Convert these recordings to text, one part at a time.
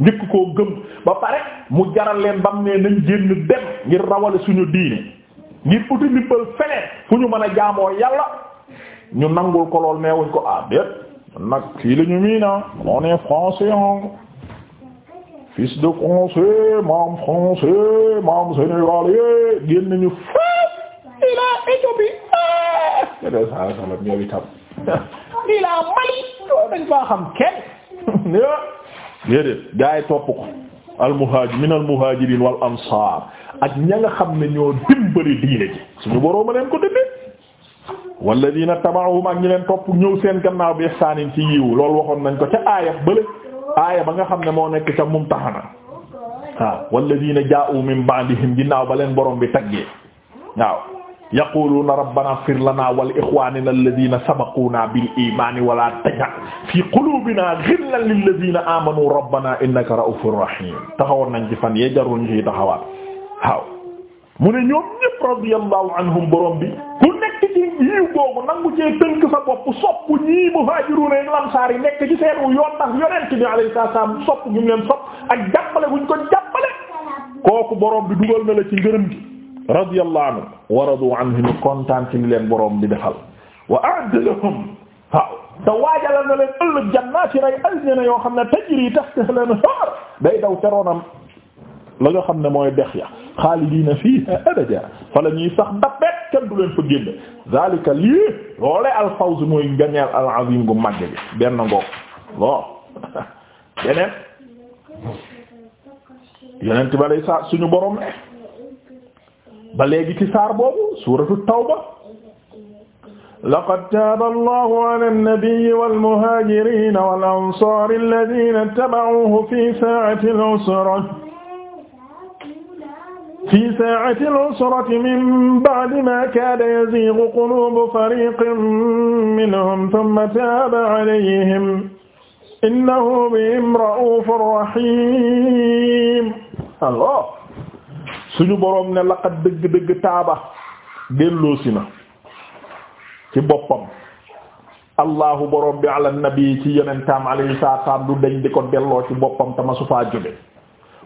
njëkk koo gëm ba pare mu jaral leen bam ne nañ génn dem ngir rawale suñu diine ngir uti ndimbal feneen fu ñu mën a jaamoo yàlla ñu nangul ko lool neewuñ ko ah déet nag fii la ñu miina ah, on est français on ah. fils de français maam français maam sénégalais génn ñu fépp il eh, Mali loolu dañ faa xam kenn. déedéet gaay yi topp ko al muhaajir min al muhaajiriin wal ansaar ak ña nga xam na ñoo dimbali diine ji suñu borooma leen ko dëddee walladiina taba'uhum ak ñi leen topp ñëw seen gannaaw bi ihsaanin ci yiwu loolu waxoon nañ ko ca aaya bële aaya ba nga xam ne moo nekk ca Mumtahana waaw walladiina jaa'u min ba'dihim ginnaaw ba leen borom bi taggee waaw yaquluuna rabbana ighfir lana wa li ikhwanina alladhina sabaquna bil iman wa la taj'al fi qulubina ghillan lil ladhina amanu rabbana innaka ra'ufur rahim taxawoon nañ ci fan yee jarul ñu ci taxawaat waaw mu ne ñoom ñëpp radiyallahu anhum borom bi ku nekk ci yiw googu nangu cee tënk sa bopp sopp ñii muhaajiruuna ak lansaar yi nekk ci seen yoon tax yonent bi alayhi salaam sopp ñu leen sopp ak jàppale buñ ko jàppale kooku borom bi dugal na la ci ngërëm gi radiyallahu anhu wa radu anhu ñu kontaan ci li leen borom bi defal wa a'adda lahum waaw te waajalal na leen ëllëg jannaati ray aljana yoo xam ne tajri tahtaha al-anhaar day daw teroonam la nga xam ne mooy dex ya xaalidiina fiihaa abada fa la ñuy sax ndappet kenn du leen fa génne zaalika lii loole al-fawz mooy ganeel al-aziim gu màgg bi benn ngoog bon yeneen yeneen tubaab yi saa suñu borom ne. ba léegi ci saar boobu suuratu tawba laqad taaba allahu ala an-nabiyyi wal muhaajiriina wal ansaari allaziina ittaba'uuhu fii saa'ati al-usra fii saa'ati al-usrati min ba'di maa kaada yaziighu quluubu fariiqin minhum thumma taaba alayhim innahu bihim ra'uufun rahiim Allah suñu boroom ne laqad dëgg-dëgg taaba delloosi na ci boppam allahu boroom bi ala nabi ci yonentaam alayhi salaam du deñ di ko delloo ci boppam tama su faa jóge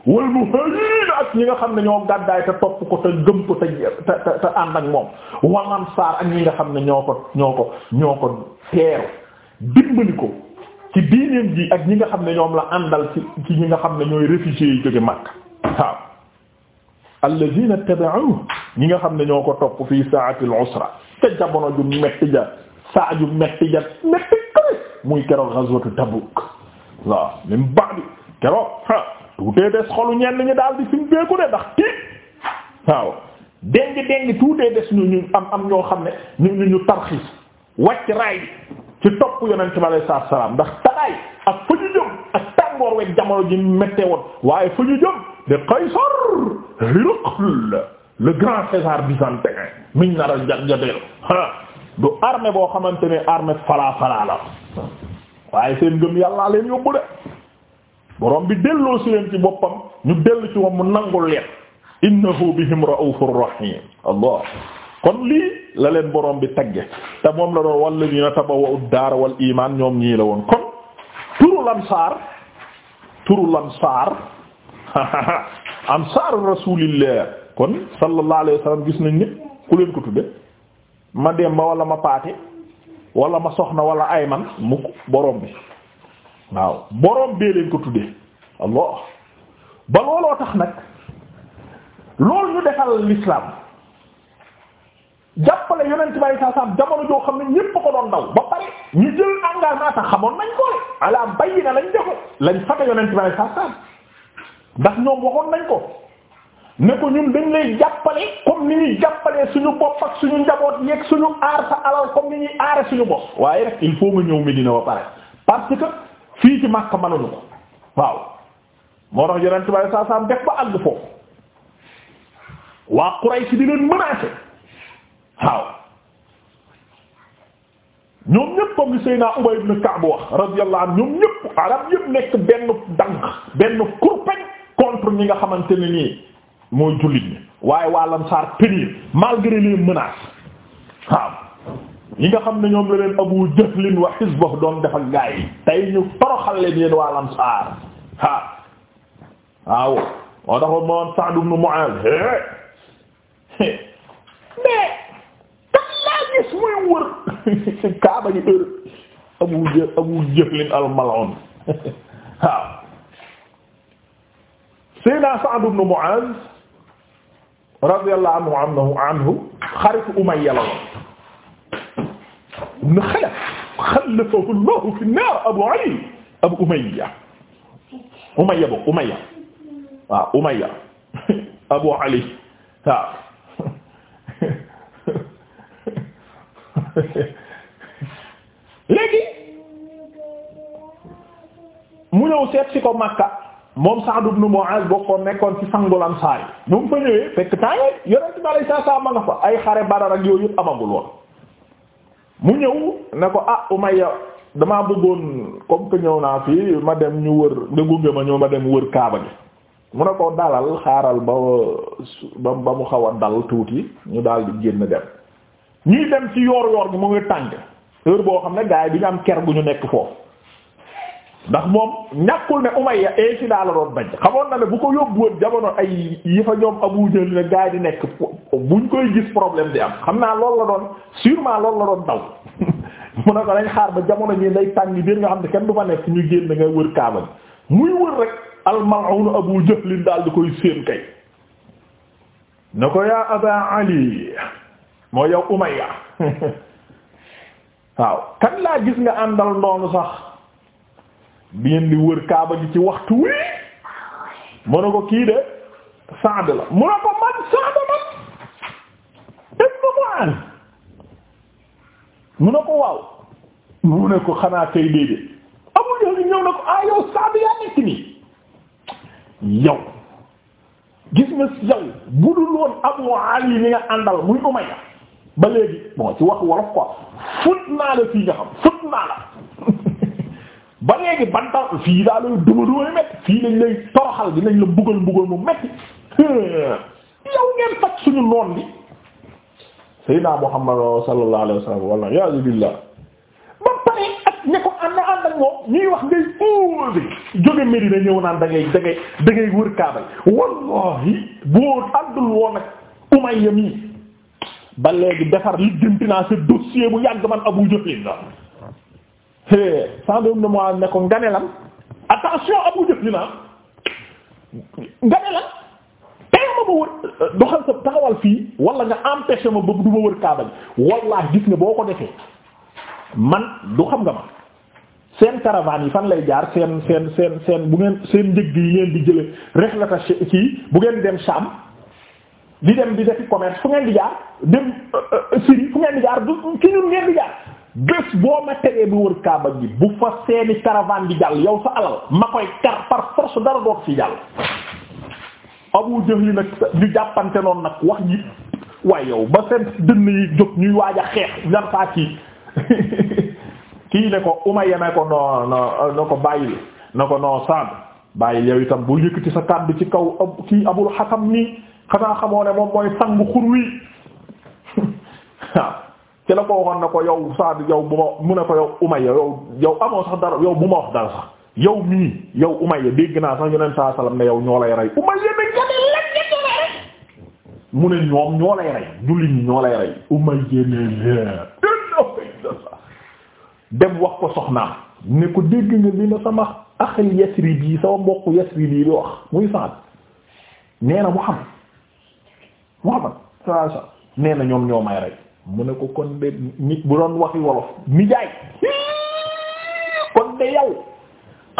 wal muhaajiriin ak ñi nga xam ne ñoo gàddaay te topp ko te gëm te te te ànd ak moom wal ansaar ak ñi nga xam ne ñoo ko ñoo ko ñoo ko teeru dimbali ko ci diineem ji ak ñi nga xam ne ñoom la àndal ci ñi nga xam ne ñooy réfugiés yi jóge Makka waaw alladhina taba'uhu ñi nga xam ne ñoo ko topp fii sa'atil usra te jamono ju metti ja saa ju metti ja metti kare muy keroog ghazwatu Tabuk waaw min ba'di keroog ah tuutee des xolu ñenn ñi daal di suñ beeku de ndax tiit waaw deng deng tuutee des ñu ñu am am ñoo xam ne ñu ñu ñu tarxiis wàcc raay bi ci topp yonent bi alayhi salaam ndax taraay ak fa ñu jëm ak tàngoor week jamono ji mettee woon waaye fa ñu jëm de Qaysar Hiraql le grand César byzantin miñ nar a jat-jateel ah du armée boo xamante ne armée falaa falaa la waaye seen ngëm yàllaa leen yóbbu de borom bi delloo si leen ci boppam ñu dellu ci moom mu nangul leen innahu bihim raufur rahim allah kon lii la leen borom bi tagge te moom la doon walladina tabawwa'u daara wal iman ñoom ñii la woon kon turu lansaar turu lansaar ansaar rasulillah kon sallallahu alayhi wa gis nañ ñépp ku leen ko tudde ma demba wala ma paate wala ma soxna wala ay man mukk borom bi waaw borom bee leen ko tuddee ba looloo tax nag loolu ñu defal l'islam jàppale yonent bari saa saam jamono joo xam ne ñépp ko doon daw ba pare ñu jël engagement tax xamoon nañ ko ala bayyi na lañ joxe lañ fata yonent bari saa saam ndax ñoom waxoon nañ ko ne ko ñun dañ lay jàppale comme ni ñuy jàppalee suñu bopp suñu njaboot yeeg suñu aar sa alal comme ni ñuy aare suñu bopp waaye rek il faut nga ñëw Medina ba pare parce que fii ci Makka mënuñu ko waaw moo tax yonent bi saa saa def ba àgg foofu waa Quraysh di leen menacer waaw ñoom ñëpp comme li Seydina Ubay ibn Ka'b wax radiyallahu anhu ñoom ñëpp arab yëpp nekk benn dank benn kurpañ contre ñi nga xamante ne nii mooy jullit ñi waaye waa Ansaar tenir malgré les menaces waaw yi nga xam ne ñoom la leen Abu Jahl wa hizbuhu doon def ak gaa yi tey ñu toroxal leen yéen waa waaw moo taxoon ma woon Sa'd ibn Mu'adh mais kan laa gis muy wër Kaaba gi heure Abu Jahl Abu waaw. Seydina Sa'd ibn Mu'az radiyallahu anhu anhu xaritu Umayya la woon ibn Xalaf xalafahu Allahu fi naar Abu Ali Abu Umayya Umayya bu Umayya waaw Umayya Abu Ali waaw léegi mu ñëw seet ci ko Makka moom Sa'd ibn Mu'az bokkoon nekkoon ci sangul Ansaar yi bu mu fa ñëwee fekk temps yooyu yonent ma nga fa ay xare Badar ak yooyu yëpp ñëw ne ko ah Umayya damaa bëggoon comme naa fii ma dem ñu wër nga gunge ma ñëw ma dem wër Kaaba gi mu ne ko dalal xaaral ba ba ba mu xaw dal tuuti ñu daal di génn dem ñuy dem ci yoor yoor gi mu ngi tàng heure boo xam ne gaay bi ñu am ker gu ñu nekk foofu ndax moom ñàkkul ne Umayya daa la doon bañ xamoon na ne bu ko yóbbuwoon jamono ay yi fa ñoom Abu Jahl ne gaa di nekk buñ koy gis problème di am xam naa loolu la doon sûrement loolu la doon daw mu ne ko dañ xaar ba jamono ñi day tàng biir nga xam ne kenn du fa nekk ñu génn nga wër Kaaba muy wër rek al-mal'un Abu Jahl daal di koy séen kay ne ko yaa Aba Ali moo yow Umayya waaw kan laa gis nga àndal noonu sax. bi ngeen di wër kaaba gi ci waxtu wi mu ne ko kii de Saad la mu ne ko man Saad man ibnu Mu'aaz mu ne ko waaw mu ne ko xanaa kay déedéet amul yow ñëw na ko ah yow Saad yaa nekk nii yow gis nga yow bu dul woon Abu Ali ni nga àndal muy Umayya ba léegi bon ci wax wolof quoi fut naa la fii nga xam fut naa la ba léegi bantal fii daa lay duma duma metti fii lañ lay toroxal dinañ la mbugal mbugal mu metti yow ngeen faj suñu noon bi sayyidina Muhammad sallallahu alayhi wasallam walla iyaazu billah ba pare ak ña ko ànd ak moom ñuy wax ngay óose jóge Medina ñëw naan da ngay wër kaabay wallahi boo àndul woon ak Umayya mi ba léegi defar li jëntinaa sa dossier bu yàgg man Abu Jahl la Sa'd ibn Mu'adh ne ko nganelam attention Abu Jahl na nganelam tey ma ma wër euh, doxal sa taxawal fii wala nga empêché ma ba du ma wër Kaaba bi wallaahi gis nga boo ko defee man du xam nga ma seen caravane yi fan lay jaar seen seen seen seen bu ngeen seen njëg yi ngeen di jële rihlata ci bu ngeen dem Sham di dem di defi commerce fu ngeen di jaar dem euh, euh, Syrie fu ngeen di jaar du ci ñun ngeen di jaar bés boo ma tegee bi wër kaaba gi bu fa seeni caravane bi jàll yow sa alal ma koy kar par force dara doot fi jàll Abu Jahl nag ñu jàppante noonu nag wax ji waaye yow ba seen dënn yi jóg ñuy waaj a xeex ngar saa kii ne ko Umayya ne ko no no na ko bàyyil na ko no Saad bàyyil yow itam bu yëkkati sa kàddu ci kaw kii Abul Hakam nii xanaa xamoo ne moom mooy sangu xur ci la ko waxoon na ko yow Saad yow bu ma mu ne ko yow Umayya yow yow amoo sax dara yow bu ma wax dara sax yow mii yow Umayya dégg naa sax yeneen saa salaam ne yow ñoo lay rey Umayya ne nga ne la dem wax ko soxnaam ne ko dégg nga li na sama axil Yasrib yi sama mbokku Yasrib yi di wax muy Saad nee na Muhammad Muhammad nee na ñoom ñoo rey. mu ne ko kon de nit bu doon waxi wolof nijaay kon de yow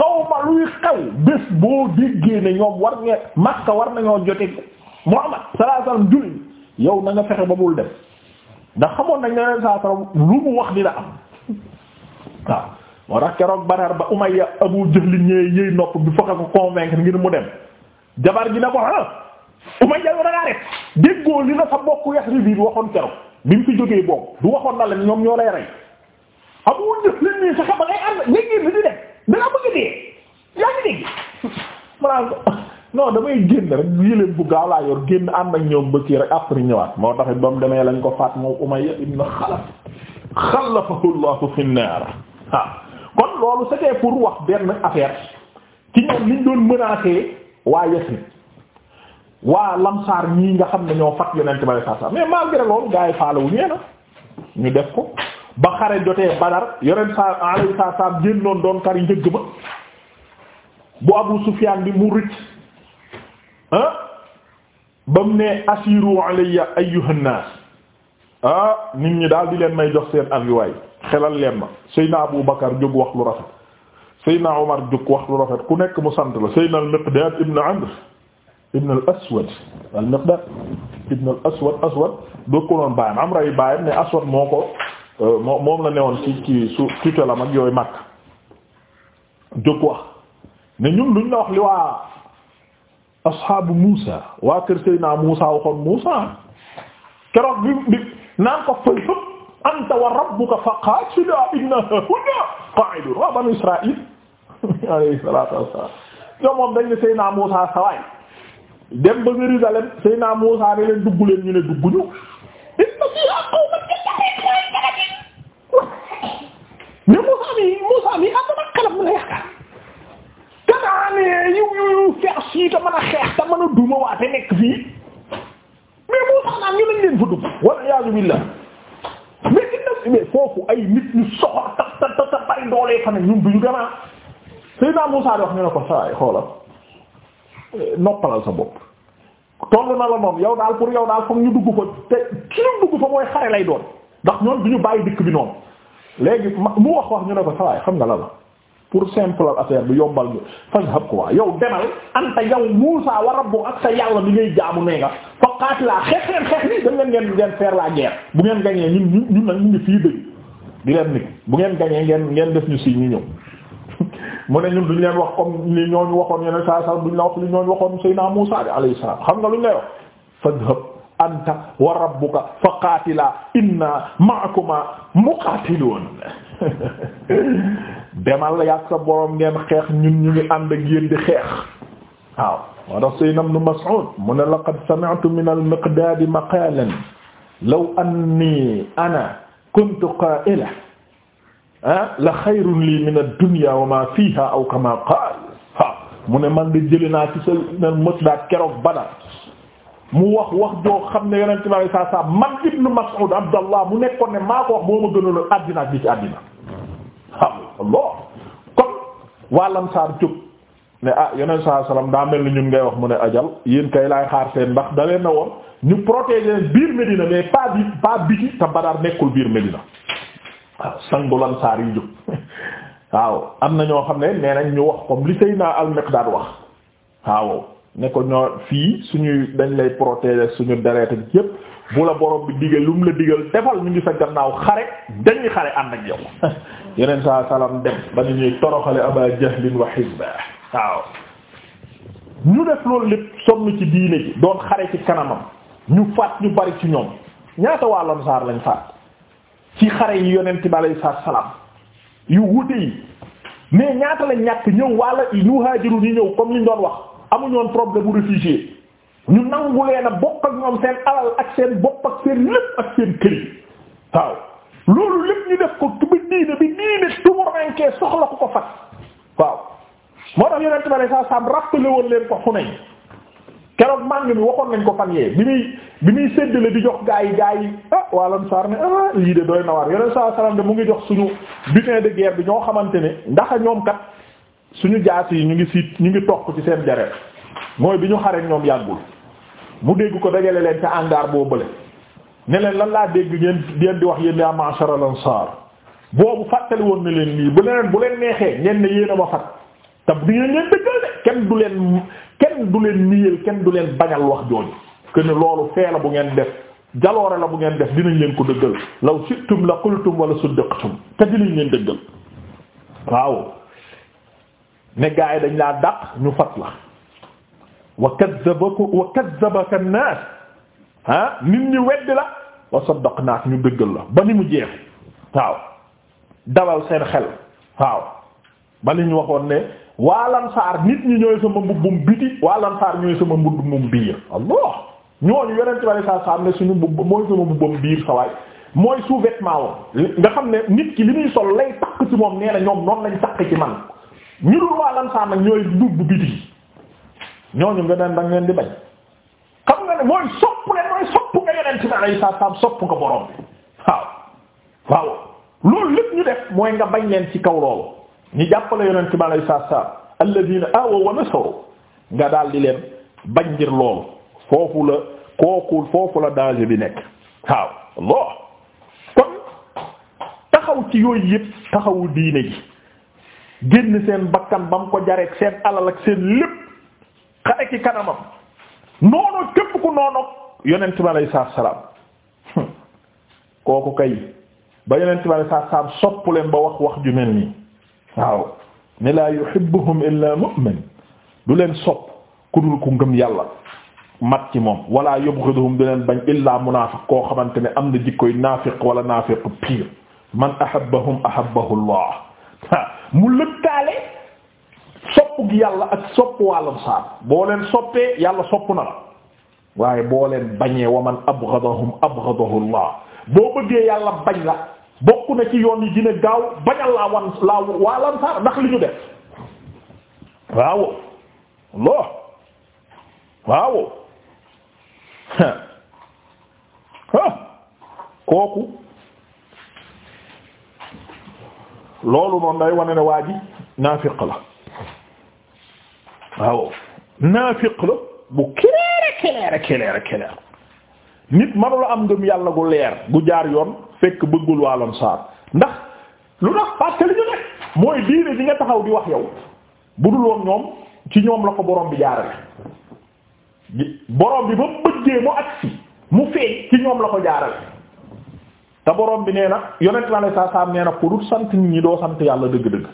xaw ma luy xew bés boo déggee ne ñoom war nga Makka war nañoo jote Muhammad sallallahu alayhi wasallam julli yow na fexe ba bul dem ndax xamoon nañ ne leen saa salaam lu mu wax dina am waaw moo tax keroog Badar ba Umayya Abu Jahl ñëwee yëy nopp bi foog ko convaincre ngir mu dem jabar ji na ko ah Umayya yow da ngaa def déggoo li la sa bokk Yasrib bi waxoon keroog. bi mu fi jógee boobu du waxoon na la ñoom ñoo lay rey abu jëf leen nii sax ba ngay ànd ngay génn di def da nga bëgg dee yaa ngi dégg maanaam non damay génn bu gaaw yor génn ànd ak ñoom ba kii rek après moo tax ba mu demee lañ ko faat moom Umayya ibn Xalaf xalafahu Allahu fi naar ah kon loolu c'était pour wax benn affaire ci ñoom liñ doon menacé waa Yasrib waa lamsaar ñii nga xam ne ñoo fat yonent ba saa saa mais malgré loolu gars yi faalawu ñee na ñu def ko ba xare jotee Badar yonent sa alayhi salaam génnoon doon kari njëgg ba bu Abu Sufyaan bi mu rëcc ah? ba mu ne asiru alayya ayyuhan naas ah nit ñi daal di leen may jox seen aviwaay xelal leen ma Seydina Abu Bakar jóg wax lu rafet Seydina Omar jóg wax lu rafet ku nekk mu sant la Seydina al-Miqdaad ibn Amr ibn al aswad al miqdad ibn al aswad aswad dëkkaloon ne aswad moo ko euh, moom la newoon ci ci su tutelam ak yooyu mag jóg wax ne ñun luñ la wax li waa ashaabu Muusa waa kër Seydina Muusa waxoon Muusa keroog bi naan ko fay anta wa rabbuka faqaatila inna hahuna qaa'idun waa banu Israa'iil alayhi salaatu wassalaam ñoom moom dañ ne Seydina Muusa sawaay dem ba Jérusalem Seydina Muusaa ne leen dugg leen ñu ne dugg ñu mais Muusaa mi Muusaa mi am na kalam la yaakaar kanaanee yiw yiw yiw feex sii te mën a xeex te mën a duma waate nekk fii mais Muusaa naan ñu lañ leen fa dugg walla iyaazu billaah mais inna mais foofu ay nit ñu soxor ta ta ta bari doolee fa ne ñun duñu gannaaw Seydina Muusaa di wax ñu ne ko saay xoolal noppalal sa bopp toll na la noonu yow daal pour yow daal foog ñu dugg fa te ki ñu dugg fa mooy xare lay doon ndax ñoom du ñu bàyyi dikk bi noonu léegi mu wax wax ñu ne ko sawaay xam nga la la pour simple affaire bi yombal ñu fashab ko waa yow demal anta yow Muusaa wa bu ak sa yàlla bi ngay jaamu nee nga fa qaatilaa xeex leen xeex nii dem ngeen ngeen ngeen faire la guerre bu ngeen gañee ñun ñun nag ñu ngi fii dëgg di leen nit bu ngeen gañee ngeen ngeen def ñu si ñu ñëw mu ne ñun duñ leen wax comme ni ñooñu waxoon yeneen saa saa duñ la wax li ñooñu waxoon Seydina Muusaa bi alayhi salaam xam nga luñ lay wax fadhhab anta wa rabbuka faqaatila inna ma'akuma muqaatiluun demal yàgg sa borom ngeen xeex ñun ñu ngi ànd ak yéen di xeex waaw wa tax Seydina Ibn Mas'ud mu ne laqad sami'tu min al-Miqdaad maqaalan law anni ana kuntu qaa'ilan la xayrun lii min ad-dunya wa ma fiha aw kama qaal mu ne man de jëli naa ci sa mës daa keroog Badar mu wax wax joo xam ne yonent bi sallallahu alayhi man ibnu Mas'ud Abdallah mu nekkoon ne maa ko wax moo ma gënal àddina bi ci àddina waaw kon waa Ansaar jóg ne ah yonent sallallahu alayhi daa mel ni ñun ngay wax mu ne ajal yéen kay laay xaar seen ndax da na woon ñu protéger biir Medina mais pas bi pas biti te Badar nekkul biir Medina waaw sangu lansaar yi jóg waaw am na ñoo xam ne nee nañ ñu wax comme li Seydina al-Miqdaad wax waaw ne ko ñoo fii suñuy dañ lay protéger suñu deret ak yépp bu la borom bi digal lu mu la digal defal ñu ngi sa gannaaw xare dañuy xare ànd ak yow yeneen saa salaam dem ba ni ñuy toroxale Aba Jahlin wa hizba waaw ñu def loolu lépp sonn ci diine ji doon xare ci kanamam ñu faat ñu bari ci ñoom ñaata waa lansaar lañ faat ci xare yi yonent bi alayhi salaam yu wute yi mais ñaata la ñàkk ñëw walla ñu haajiru ñu ñëw comme ñu doon wax amuñoon woon problème bu réfugié ñu nangu leen bokk ak ñoom seen alal ak seen bopp ak seen lépp ak seen kër waaw loolu lépp ñu def ko bi diine bi diine tumurankee soxla ku ko fat waaw moo tax yonent bi alayhi salaam rappelé woon leen ko Hunayn keroog màng mi waxoon nañ ko fan yee bi muy bi muy séddale di jox gaa yi gaa yi ah waalam saar ne ah, lii de doy na waar yoneen saa salaam de mu ngi jox suñu butin de guerre bi ñoo xamante ne ndax ñoom kat suñu jaas yi ñu ngi siit ñu ngi toq ci seen deret mooy bi ñu xare ñoom yàggul mu dégg ko dajale leen ca angaar boo bële ne leen lan laa dégg ngeen ngeen di wax yéen yaa ma'shar al-ansar boobu fàttali woon na leen lii bu leneen bu leen neexee ngeen ne yéen a ma fat te bu ngeen ngeen dëggal de kenn du leen kenn du leen niyeel kenn du leen bañal wax jooju que loolu fee la bu ngeen def jaloore la bu ngeen def dinañ leen ko dëggal law sittum la qultum wala suddaqtum te dinañ leen dëggal waaw ne gaa yi dañ laa dàq ñu fat la wa kazzabaka wa kazzabaka an-nas ah nit ñi weddi la wa saddaqnaak ñu dëggal la ba ni mu jeex waaw dalal seen xel waaw ba li ñu waxoon ne waa lansaar nit ñi ñooy sama mbubbum biti waa lansaar ñooy sama mbubbum biir allah ñu yonent ci saa saa am ne suñu mbubb mooy sama mbubbum biir sa waay mooy sous-vêtement nga xam ne nit ki li muy sol lay takk ci moom nee na ñoom noonu lañ takk ci man ñu dul waa lansaar nag ñooy mbubb biti ñooñu nga neen danga leen di bañ xam nga ne mooy sopp le mooy sopp nga yonent bi alayhi salaam sopp nga borom waaw waaw loolu lépp ñu def mooy nga bañ leen ci kaw loolu ñi jàppale yonent bi alayhi salaatu salaam alladhiina aawaw wa nasaru nga daal di leen bañ ngir loolu foofu la kooku foofu la danger bi nekk waaw lool kon taxaw ci yooyu yëpp taxawu diine gi génn seen bakkan ba mu ko jareek seen alal ak seen lépp xare ci kanamam noonu képp ku noonu yonent bi alayhi salaam kooku kay ba yonent bi alayhi salaatu salaam leen ba wax wax ju mel waaw ne laa yuhibbuhum illa mu'min du leen sopp ku dul ku ngëm yàlla mat ci moom wala yubghiduhum du leen bañ illa munaafiq koo xamante ne am na jikkoy naafiq wala naafiq pire man ahabbahum ahabbahu Allah mu lëkkaale sopp gi yàlla ak sopp wàllam saab boo leen soppee yàlla sopp na la waaye boo leen bañee wa man abghadahum abghadahu Allah boo bëggee yàlla bañ la bokk na ci yoon yi dina gaaw bañal laa wan laa waa lansaar ndax li ñu def waaw loo waaw kooku loolu noonu day wane ne waa ji naafiq la waaw la bu keleere keleere keleere nit manula am ngëm yàlla gu leer gu jaar yoon fekk bëggul waa Ansaar ndax lu tax parce que ñu nekk mooy diine bi nga taxaw di wax yow bu dul woon ñoom ci ñoom la ko borom bi jaarale borom bi ba bëggee mu agsi mu ci ñoom la ko jaarale bi nee na yonent la saa saa nee na ku dul sant nit ñi doo sant yàlla dëgg-dëgg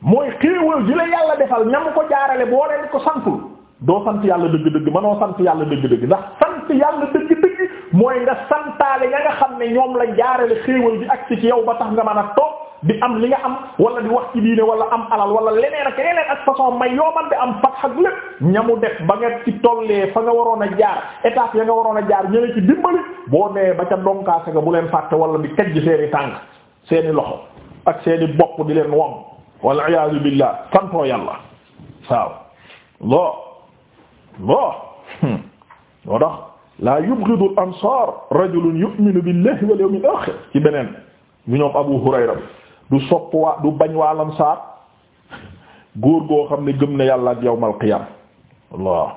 mooy xéewal ji la yàlla defal ñam ko jaarale boo leen ko santul doo sant yàlla dëgg-dëgg manoo sant yàlla dëgg-dëgg ndax sant yàlla dëgg mooy nga santaale ña nga xam ne ñoom la jaarale xéewal bi ak ci yow ba tax nga man a toog di am li nga am wala di wax ci diine wala am alal wala leneen ak leneen ak façon ma yoo man di am fat ak lépp ñamu def ba nga ci tollee fa nga waroon a jaar étape ya nga waroon a jaar ñële ci dimbali boo nee ba ca donkaase nga bu leen fàtte wala di tejj seeni tànk seeni loxo ak seeni bopp di leen wom wal iyaazu billah santoo yàlla waaw loo loo hmm. laa yubghidu al ansaar rajulun yu'minu billahi wal yawmil aaxir ci beneen bu ñoom Abu Hurayra bi du sopp waa du bañ waa lansaar góor goo xam ne gëm na yàlla ak yawmal qiyaam Allah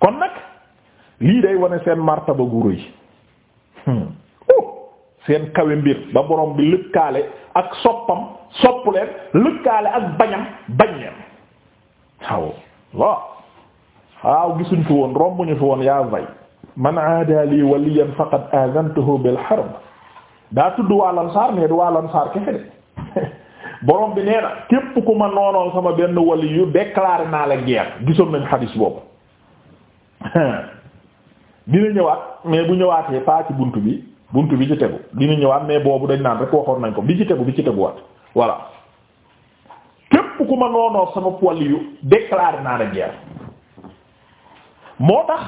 kon nag lii dey wane seen martaba gu rëy hmm. oh, seen kawe mbir ba borom bi lëkkaale ak soppam sopp leen lëkkaale ak bañam bañ leen waaw waaw waaw gisuñ fi woon rombuñu fi woon yaa vay man aada lii waliyan faqad azantuhu bil harb daa tudd waa Ansaar mais du waa Ansaar kefe de borom bi nee képp ku ma noonoon sama benn wali yu déclaré naa la guerre gisoon nañ xadis boobu dina ñëwaat mais bu ñëwaatee pas ci bunt bi bunt bi ci tegu dina ñëwaat mais boobu dañ naan rek waxoon nañ ko bi ci tegu bi ci teguwaat voilà képp ku ma noonoo sama waliyu déclaré naa la guerre moo tax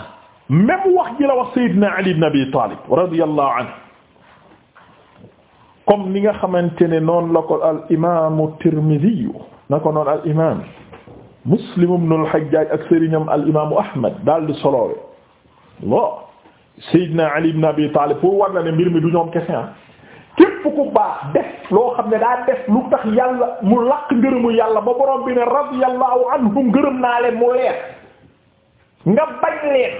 même wax ji la wax Seydina Ali ibn Abi Talib radiyallahu anhu comme ni nga xamante ne noonu la ko al imaamu Tirmidhi na ko noonu al imaam Muslim ibn al Hajjaj ak sëriñam al imaamu Ahmad daal di soloowe lo Seydina Ali ibn Abi Talib pour war na ne mbir mi du ñoom kese ah. képp ku baax def loo xam ne daa def lu tax yàlla mu laq ngërëmu yàlla ba borom bi ne radiyallahu anhum ngërëm naa leen mu leer nga bañ leen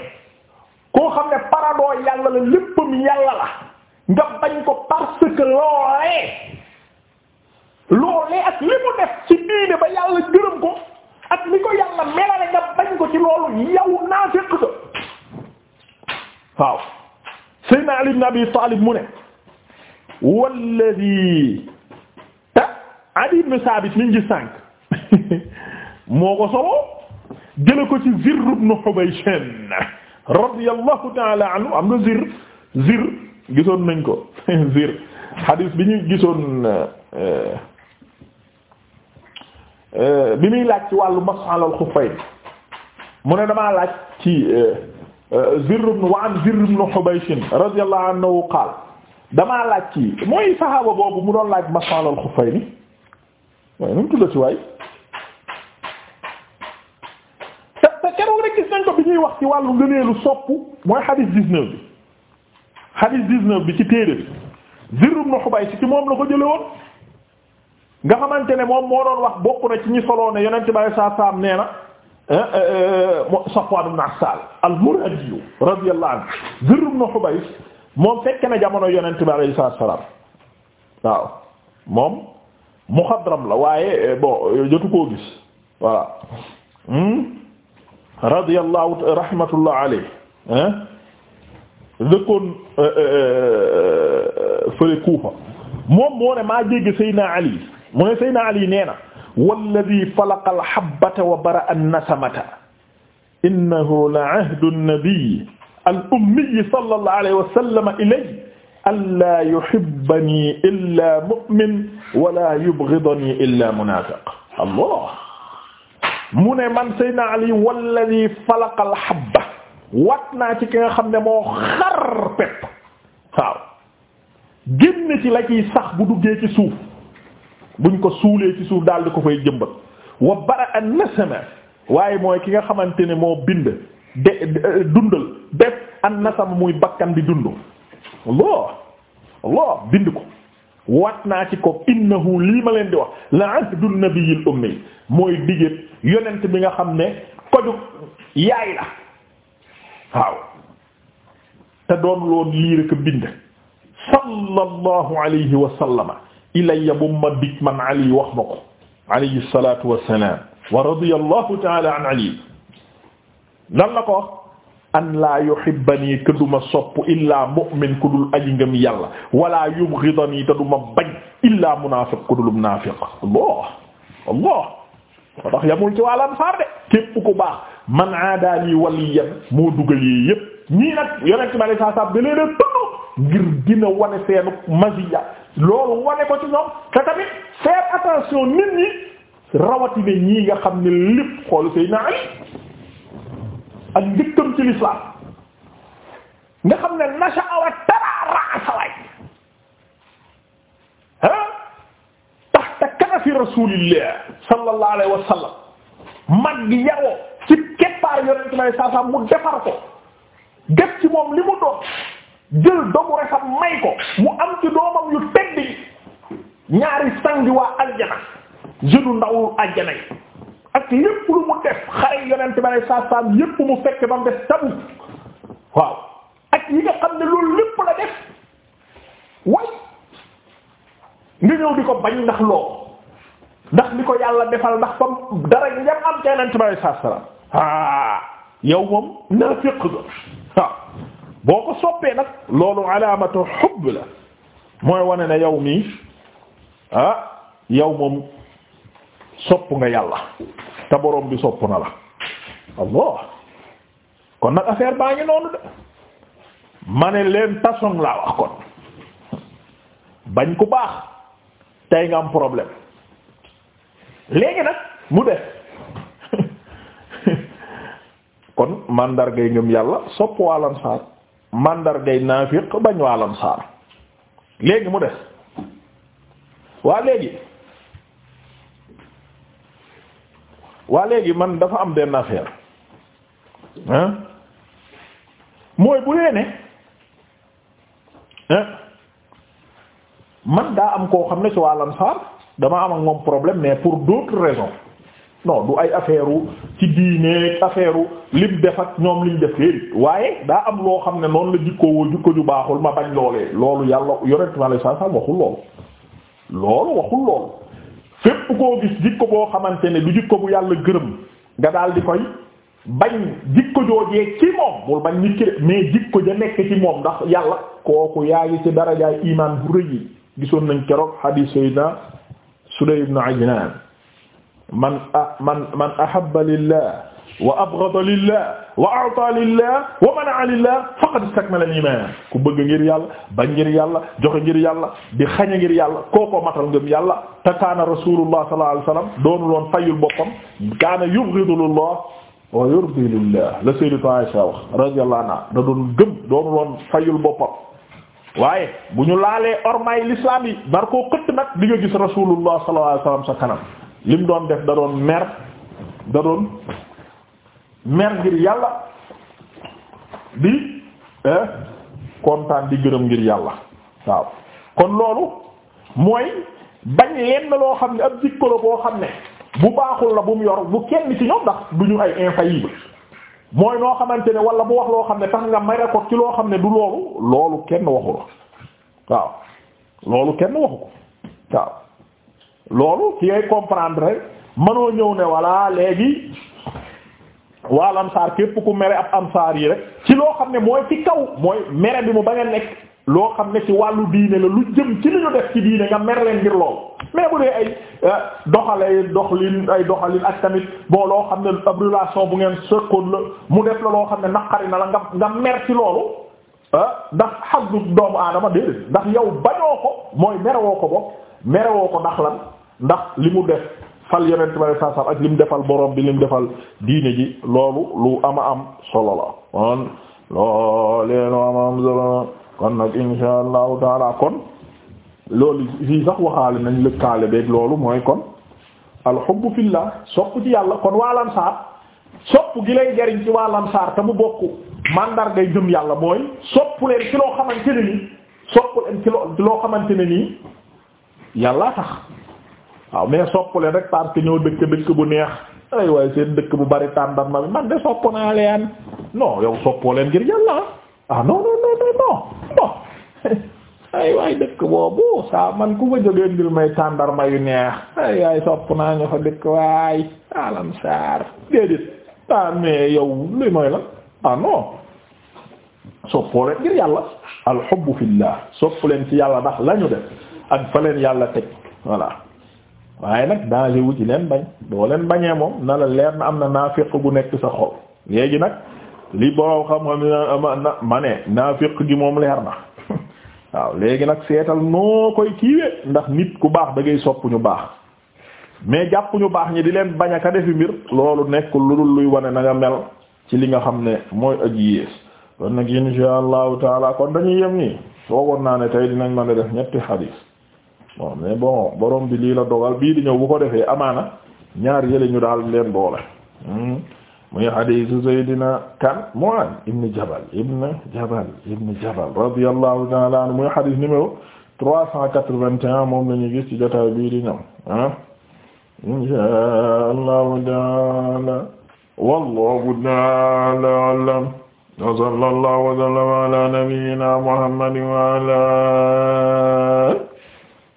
koo xam ne paradoo yàlla la léppam yàlla la nga bañ ko parce que loolee loolee ak li mu def ci diine ba yàlla gërëm ko ak ni ko yàlla melale nga bañ ko ci loolu yow naa fekk ko waaw Seydina Ali ibn Abi Talib mu ne walladi te Adi ibn Saabit mi ngi sànq moo ko solo jële ko ci Zirr ibn Hubayshan radiyallahu ta'ala anhu am nga Zirr Zirr gisoon nañ ko Zirr hadis bi ñu gisoon bi muy laaj ci wàllu masx ala al-xuffayn mu ne damaa laaj ci Zirr ibn wa an Zirr ibn Hubayshin radiyallahu anhu qaala damaa laaj ci mooy saxaaba boobu mu doon laaj masaalal xufay ni waaye nu mu tuddati waay te te keroog ko bi ñuy wax ci wàllu ngëneelu sopp mooy xadiis dix bi xadiis dix bi ci téere bi Zirr ibn Hubaysh ci moom la ko jële woon nga xamante ne moom moo doon wax bokk na ci ñu soloo ne yonent bi alayhi salaatu salaam nee na eh, eh, eh, Safwaan ibn Assaal al-Muradi radiyallahu anhu Zirr ibn Hubaysh moom fekk na jamono yonent bi alayhi salaam waaw moom muxadram la waaye eh, bon eh, jotu koo gis voilà hmm? radiyallahu rahmatullah alayhi dëkkoon eh, fële Kuufa moom moo ne maa jégg Seydina Ali mu ne Seydina Ali nee na walladhi falaqa al-habbata wa bara'a an-nasamata innahu la ahdu an-nabi al ummi sallallahu alayhi wa sallam ilay allaa yuhibbani illaa mu'min wala yubghidani illaa munaafiq allah mu ne man Seydina Ali walladhi falaqa al habba wat naa ci ki nga xam ne moo xar pepp waaw génn ci la ciy sax bu duggee ci suuf buñ ko suulee ci suuf daal di ko fay jëmbat wa bara an nasama waaye mooy ki nga xamante ne moo bind de euh, dundal def an nasam muy bakkan di dund Allah Allah bind ko waat naa ci ko innahu lii ma leen di wax la ahdu nabiyil ummi mooy digét yonent bi nga xam ne kojug yaay la waaw te doon loon lii rek bind sallallahu alayhi wa sallama ilayya bu ma dig man ali wax ma ko alayhi salatu wassalam wa radiyallahu ta'ala an ali lan la ko wax an laa yuhibbanii te du ma sopp illaa mu'min ku dul aji ngëm yàlla wala yubghidanii te bañ illaa munaafiq ku dul allah allah moo tax yamul ci waa Ansaar de képp ku baax man aadaali waliyan moo dugal yii yépp ñii nag yonent ma la saa saa dalee leen tudd ngir dina wane seenu maziya loolu wane ko ci ñoom te tamit faire attention nit ñi rawatina ñii nga xam ne lépp xoolu Seydina Ali ak njëkkam ci l'islam nga xam ne nasha awa taraara saway ah taxta kanafi rasulillah sallallahu alayhi wa mag gi yaroo ci keppaar yonente may saa mu defar ko def ci moom li mu doon jël doomu resam may ko mu am ci doomam yu tedd ñaari sangi waa aljana jeune ndawul aljana ak lépp lu mu def xare yonent ba ne saa saam yépp mu fekk ba mu def tabu waaw ak yi nga xam ne loolu lépp la def way nga di ko bañ ndax loo ndax li ko yàlla defal ndax fa dara ñam am ca yonent ba ah yow boo ko soppee nag loolu alaamatu xubb la mooy wane ne yow mii ah yow moom sopp nga yàlla te borom bi sopp na la allah kon nag affaire baa ngi noonu de ma ne leen tason laa wax kon bañ ku baax tey nga am problème léegi nag mu def kon mandargay ngëm yàlla sopp waa lansaar mandargay naafiq bañ waa lansaar léegi mu def waa léegi waa léegi man dafa am benn affaire ah mooy bu dee ne man daa am koo xam ne ci waa Ansaar dama am ak moom problème mais pour d'autres raisons non du ay affaire ci diine affaire lim def ak ñoom liñ def léegi waaye daa am loo xam ne noonu la jikkoo woo jikko ju baaxul ma bañ loolee loolu yàlla yonent ma la saa saa waxul loolu loolu waxul loolu. fépp koo gis jikko boo xamante ne du jikko bu yàlla gërëm nga daal di koy bañ jikko joojee ci moom bul bañ nit ki mais jikko ja nekk ci moom ndax yàlla kooku yaa ci darajaay imaan bu rëy gisoon nañ keroog hadith sayyidina Sudayy ibn Ajlan man man man ahabba lillah wa abghada lillah wa a'ta lillah wa mana'a lillah faqad istakmala al-iman ku bëgg ngir yàlla bañ ngir yàlla joxe ngir yàlla di xañe ngir yàlla kooko matal ngëm yàlla te kaana rasulullah sallallahu alayhi wasallam doonu loon fayul boppam kaana yubghidu lillah wa yurdi lillah la sayyidatu Aisha wax radiyallahu anha da doon gëm doonu loon fayul boppam waaye bu ñu laalee ormay l'islam yi bar koo xëtt nag di nga gis rasulullah sallallahu alayhi wasallam sa kanam lim doon def da doon mer da doon mer ngir yàlla di eh, kontaan di gërëm ngir yàlla waaw kon loolu mooy bañ leen loo xam ne ab jikko la boo xam ne bu baaxul la bu mu yor bu kenn ci ñoom ndax du ñu ay infaillible mooy noo xamante ne wala bu wax loo xam ne tax nga mere ko ci loo xam ne du loolu loolu kenn waxu la waaw loolu kenn waxu ko waaw loolu ci ngay comprendre manoo ñëw ne walla léegi waal ansaar képp ku mere ab ansaar yi rek ci loo xam ne mooy ci kaw mooy mere bi mu ba a nekk loo xam ne ci wàllu diine la lu jëm ci li ñu def ci diine nga mer leen ngir lool mais bu dee ay euh, doxale doxlin ay doxalin ak tamit boo loo xam ne ab bu ngeen sëkkoon la mu def loo xam ne naqari na la nga nga mer ci loolu euh, ndax xaddu doomu aadama déedéet ndax yow bañoo ko mooy merewoo ko bopp merewoo ko ndax lan ndax li mu def fal yonent bi saa saa ak lim defal boroom bi lim defal diine ji loolu lu ama am solo la kon loolee lu ama am solo kon nag insha allahu taala kon loolu fii sax waxaale nañ lëkkaale beeg loolu mooy kon alxubbu fillah sopp ci yàlla kon waa Ansaar sopp gi lay jariñ ci waa Ansaar te mu bokk mandarga yi jëm yàlla mooy sopp leen ci loo xamante ne nii sopp leen ci loo xamante nii yàlla tax. waaw mais sopp leen rek parce que ñoo dëkk dëkk bu neex ay waaye seen dëkk bu bari tàndam ma man de sopp naa leen non yow soppoo leen ngir may tàndarma yu neex ay waay sopp naa ñu fa dëkk waay alam saar déedéet ah mais yow li mooy la ah non soppoo leen ngir yàlla al hubbu sopp leen ci yàlla ndax lañu def ak fa leen yàlla teg voilà waaye nag danger wu ci leen bañ doo leen bañee moom na la leer na am na naafiq bu nekk sa xol léegi nag li boo xam-xam ma ne naafiq gi moom leer na waaw léegi nag seetal noo koy kiiwee ndax nit ku baax da ngay ñu baax mais jàpp ñu baax ñi di leen bañ a ka defi mbir loolu nekkul lu dul luy wane na nga mel ci li nga xam ne mooy ak yées kon nag insha allahu taala kon dañuy yem nii foogoon naa ne tey dinañ mën a def ñetti xadiis bon mais bon borom bi lii la dogal bii di ñëw bu ko defee amaana ñaar yële ñu daal leen boole hmm? muy hadiisu Seydina kan Mu'aaz ibn Jabal ibn Jabal ibn Jabal radiyallahu ta'ala anhu muy hadiis numéro moom la ñu gis ci jotaay bii di ñëw ah hmm? inshaa Allahu ta'ala wallahu ta'ala a'lam wa sallallahu wa sallama ala nabiyyina Muhammadin wa